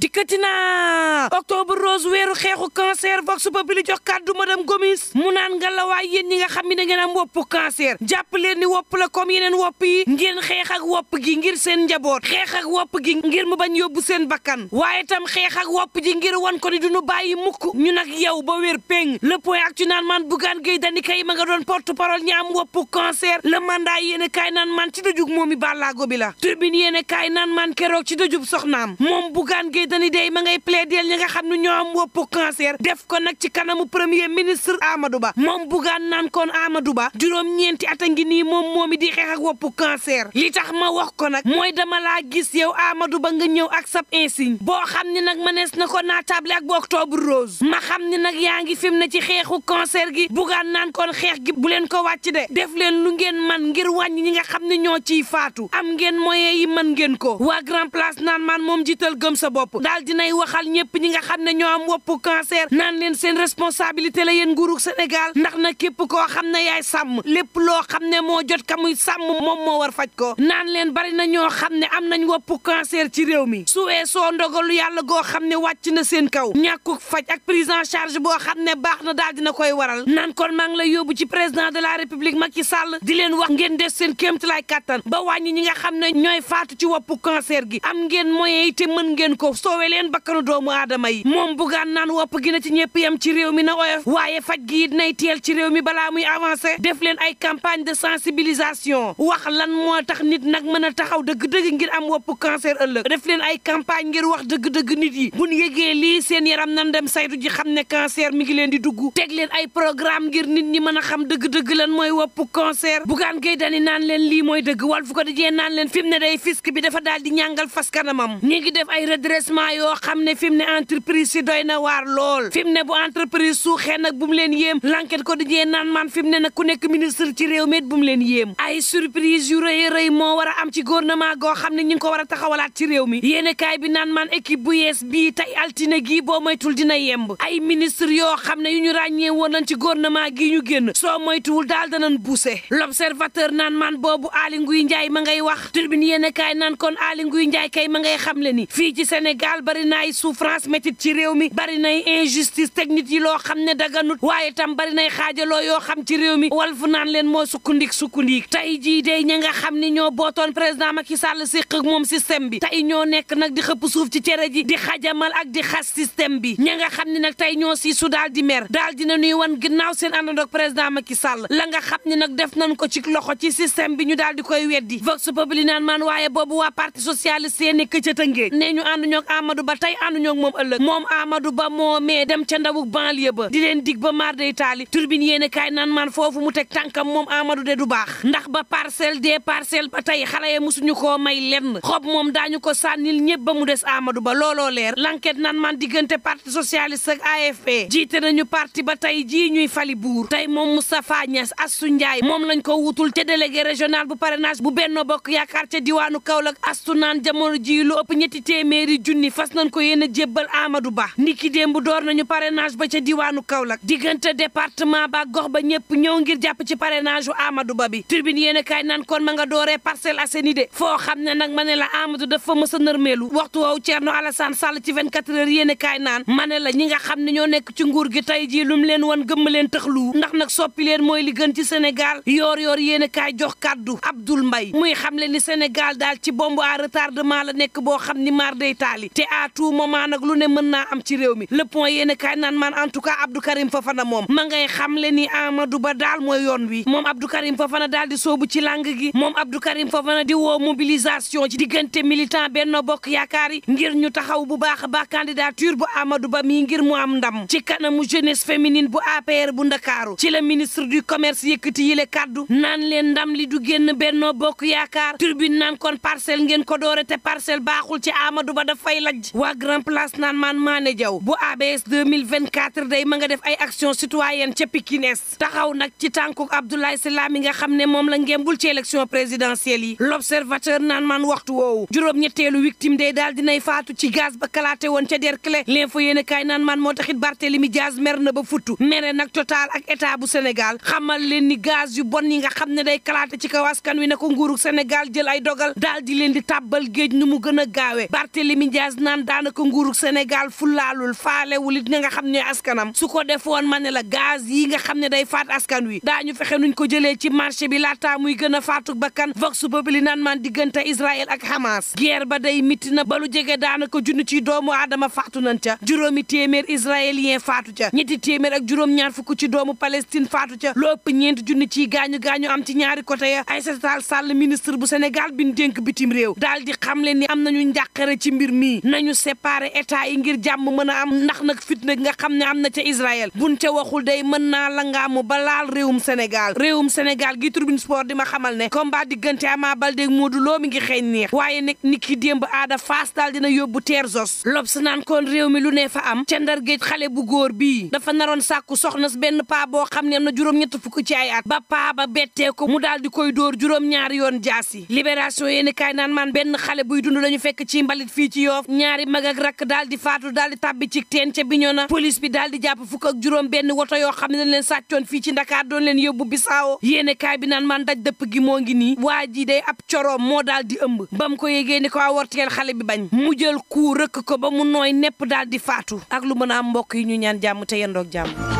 dikkati naa octobre rose weeru xeexu cancer vox populi jox kàddu madame Gomis mu naan nga la yéen ñi nga xam ne da ngeen am woppu cancer jàpp leen ni wopp la comme yeneen wopp yi ngeen xeex ak wopp gi ngir seen njaboot xeex ak wopp gi ngir mu bañ yóbbu seen bakkan waaye tam xeex ak wopp ji ngir wan ko ni duñu bàyyi mukk ñu nag yow ba weer péng le point ak ci naan man Bougane Gueye Dany kay ma nga doon porte parole ñi am woppu cancer le mandat kaay naan man ci dëjug moom i bàllaago bi la tribune yéen naan man keroog ci dëjub soxnaam moom Bougane Gueye xamante ni day ma ngay plaider ñi nga xam ne ñoo am woppu cancer def ko nag ci kanamu premier ministre Amadou Ba moom bugaan naan kon Amadou Ba juróom-ñeenti at a ngi nii moom moom moomi di xeex ak woppu cancer li tax ma wax ko nag mooy dama laa gis yow Amadou Ba nga ñëw ak sab insigne boo xam ne nag mënees na ko naatable ak bu octobre rose ma xam ni nag yaa ngi fim na ci xeexu cancer gi bugaan naan kon xeex gi bu leen ko wàcc de def leen lu ngeen man ngir wàññi ñi nga xam ne ñoo ciy faatu am ngeen moyen yi mën ngeen ko waa grand place naan moom jiital gëm sa bopp daal dinay waxal ñëpp ñi nga xam ne ñoo am woppu naan leen seen responsabilité la yéen nguurug Sénégal ndax na képp koo xam ne yaay sàmm lépp loo xam ne moo jot ka muy sàmm moom moo war faj ko naan leen bari na ñoo xam ne am nañ woppu cancer ci réew mi su weesoo ndogalu yàlla goo xam ne wàcc na seen kaw ñàkkuk faj ak prise en charge boo xam ne baax na dina koy waral naan kon maa lay yóbbu ci président de la république Macky Sall di leen wax ngeen des seen kéemtalaay kàttan ba wàññi ñi nga xam ne ñooy faatu ci woppu cancer gi am ngeen moyen yi mën ngeen ko soowe leen bakkanu doomu aadama yi moom bugaan naan ci ñëpp yam ci réew mi na oyof waaye faj gi it teel ci réew mi balaa muy avancé def leen ay campagne de sensibilisation wax lan moo tax nit nag mën a taxaw dëgg-dëgg ngir am wopp cancer ëllëg def leen ay campagne ngir wax dëgg-dëgg nit yi buñ yëgee lii seen yaram nan dem saytu ji xam ne cancer mi ngi leen di dugg teg leen ay programme ngir nit ñi mën a xam dëgg-dëgg lan mooy wopp cancer bugaan gay dani naan leen lii mooy dëgg wal fu ko dajee naan leen fi mu ne day fisc bi dafa daal di ñàngal fas kanamam ñi ngi def ay redressement moment yoo xam ne fi mu ne entreprise si doy na waar lool fi mu ne bu suuxee nag bu mu leen yéem l'enquête ko dijee naan man fi mu ne nag ku nekk ministre ci réew mi bu mu leen yéem ay surprise yu rëy rëy moo war a am ci gouvernement goo xam ne ñu ngi ko war a taxawalaat ci réew mi yéene kaay bi naan man équipe bu bi bii tey altine gii boo moytul dina yemb ay ministre yoo xam ne yu ñu ràññee woon nañ ci gouvernement gii ñu génn soo moytuwul daal danañ buuse l'observateur nan man boobu Aly Ngouille Ndiaye ma ngay wax turbine yéene kaay naan kon Aly Ngouille Ndiaye kay ma ngay xam le ni fii ci Sénégal Sénégal bari na ay souffrance métit ci réew mi bari nay injustice technique yi loo xam ne daganut waaye tam bari nay xaajaloo yoo xam ci réew mi fu naan leen moo sukkandik sukkandik tey jii dey ña nga xam ni ñoo bootoon président Macky Sall séq moom système bi tey ñoo nekk nag di xëpp suuf ci cere ji di xajamal ak di xas système bi ña nga xam ni nag tey ñoo si su daal di mer daal dina nuy wan ginnaaw seen àndandoog président Macky Sall la nga xam ni nag def nañ ko ci loxo ci système bi ñu daal di koy weddi vox populi naan maan waaye boobu waa parti socialiste yéen nekk ca tëngee nee ñu ànduñoo Amadou Ba tey ànduñoo ak moom ëllëg moom Amadou Ba moomee dem ca ndawuk banlieue ba di leen dig ba maar day taali turbine yéen kaay naan man foofu mu teg tànkam moom Amadou de du baax ndax ba parcelle des parcelles ba tey xale ya musuñu koo may lenn xob moom daañu ko sànnil ñëpp ba mu des Amadou Ba looloo leer l'enquête nan man diggante parti socialiste ak AFP jiite nañu parti ba tey jii ñuy fali buur tey moom Moustapha Niass Assou Ndiaye moom lañ ko wutul ca délégué régional bu parrainage bu Benno Bokk Yaakaar ca diwaanu Kaolack ni fas nañ ko yéen a jébbal Amadou Ba niki démb door nañu parrainage ba ca diwaanu Kaolack diggante département ba gox ba ñëpp ñëw ngir jàpp ci parrainage amadu Ba bi tribune yéen a kaay naan kon ma nga dooree Parcelles Assainies de foo xam ne nag ma ne la Amadou dafa mës a nërmeelu waxtu woowu Thierno Alassane Sall ci 24 heures yéen a kaay naan ma ne la ñi nga xam ne ñoo nekk ci nguur gi tey jii lu leen wan gëmm leen tëxlu ndax nag soppileen mooy li gën ci senegal yoor yoor yéen kaay jox kàddu Abdoul Mbaye muy xam le ni Sénégal daal ci bombe à retardement la nekk boo xam ni maar day te à tout moment nag lu ne mën naa am ci réew mi le point yéen kaay naan man en tout cas Abdou Karim Fofana moom ma ngay xamle ni Amadou Ba daal mooy yoon wi moom Abdou Karim Fofana daal di soobu ci làng gi moom Abdou Karim Fofana di woo mobilisation ci diggante militant Benno Bokk Yaakaar ngir ñu taxaw bu baax a baax candidature bu amadu Ba mii ngir mu am ndam ci kanamu jenes féminine bu APR bu Ndakaaru ci la ministre du commerce yi yile kaddu naan leen ndam li du génn Benno Bokk Yaakaar tribune naan kon parcelle ngeen ko doore te parcelle baaxul ci Amadou may lajj waa grand place naan maan Mané Diaw bu ABS 2024 day ma nga def ay action citoyenne ca Pikine taxaw nag ci tànku Abdoulaye Sylla mi nga xam ne moom la ngembul ci élection présidentielle yi l'observateur naan maan waxtu woowu juróom-ñetteelu victime day daal dinay faatu ci gaz ba kalaate woon ca Derklé l'info yéen a kaay naan maan moo taxit Barthélemy Diaz mer na ba futtu mere nag total ak état bu Sénégal xamal leen ni gaz yu bon yi nga xam ne day kalaate ci kaw askan wi ne ko nguurug Sénégal jël ay dogal daal di leen di tàbbal géej nu mu gën a gaawee Barthélemy Diaz Diaz naan daanaka nguurug Sénégal fulaalul faalewul it ñi nga xam ñooy askanam su ko defoon ma ne la gaz yi nga xam ne day faat askan wi daañu fexe nuñ ko jëlee ci marché bi laataa muy gën a faatu bakkan vox populi naan man diggante Israël ak Hamas guerre ba day miti na ba lu jege daanaka junni ci doomu aadama faatu nañ ca juróomi téeméer israélien faatu ca ñetti téeméer ak juróom-ñaar fukk ci doomu Palestine faatu ca lu ñeent junni ci gaañu gaañu am ci ñaari côté ya Aïssata Tall ministre bu Sénégal bi ñu dénk bitim réew daal di xamle ni am nañu njàqare ci mbir mi yi nañu séparé état yi ngir jàmm mën a am nax nag fitna nga xam ne am na ca bu buñ ca waxul day mën naa la ngaamu ba laal réewum Sénégal réewum Sénégal gi Tribune Sport di ma xamal ne combat diggante Ama Baldé ak Modou Lo mi ngi xëy neex waaye nag nit ki démb aada faas daal dina yóbbu teer zos L'Obs naan kon réew mi lu ne fa am ca ndar géej xale bu góor bii dafa naroon sàkku soxna si benn paa boo xam ne am na juróom-ñett fukk ci ay ba paaba ba ko mu daal di koy dóor juróom-ñaari yoon jaasi libération yéeni kaay naan man benn xale buy dund lañu fekk ci mbalit fii ci yoof ñaari mag ak rakk daal di faatu daal di tàbbi ci teen ca Bignona police bi daal di jàpp fukk ak juróom benn woto yoo xam ne dañ leen sàccoon fii ci Ndakaar doon leen yóbbu Bissau yéene kaay bi naan man daj dëpp gi moo ngi ni waa ji day ab coroom moo daal di ëmb ba mu ko yégee ni ko aworteel xale bi bañ mu jël ku rëkk ko ba mu nooy nepp daal di faatu ak lu mën a am mbokk yi ñu ñaan jàmm te yendoog jàmm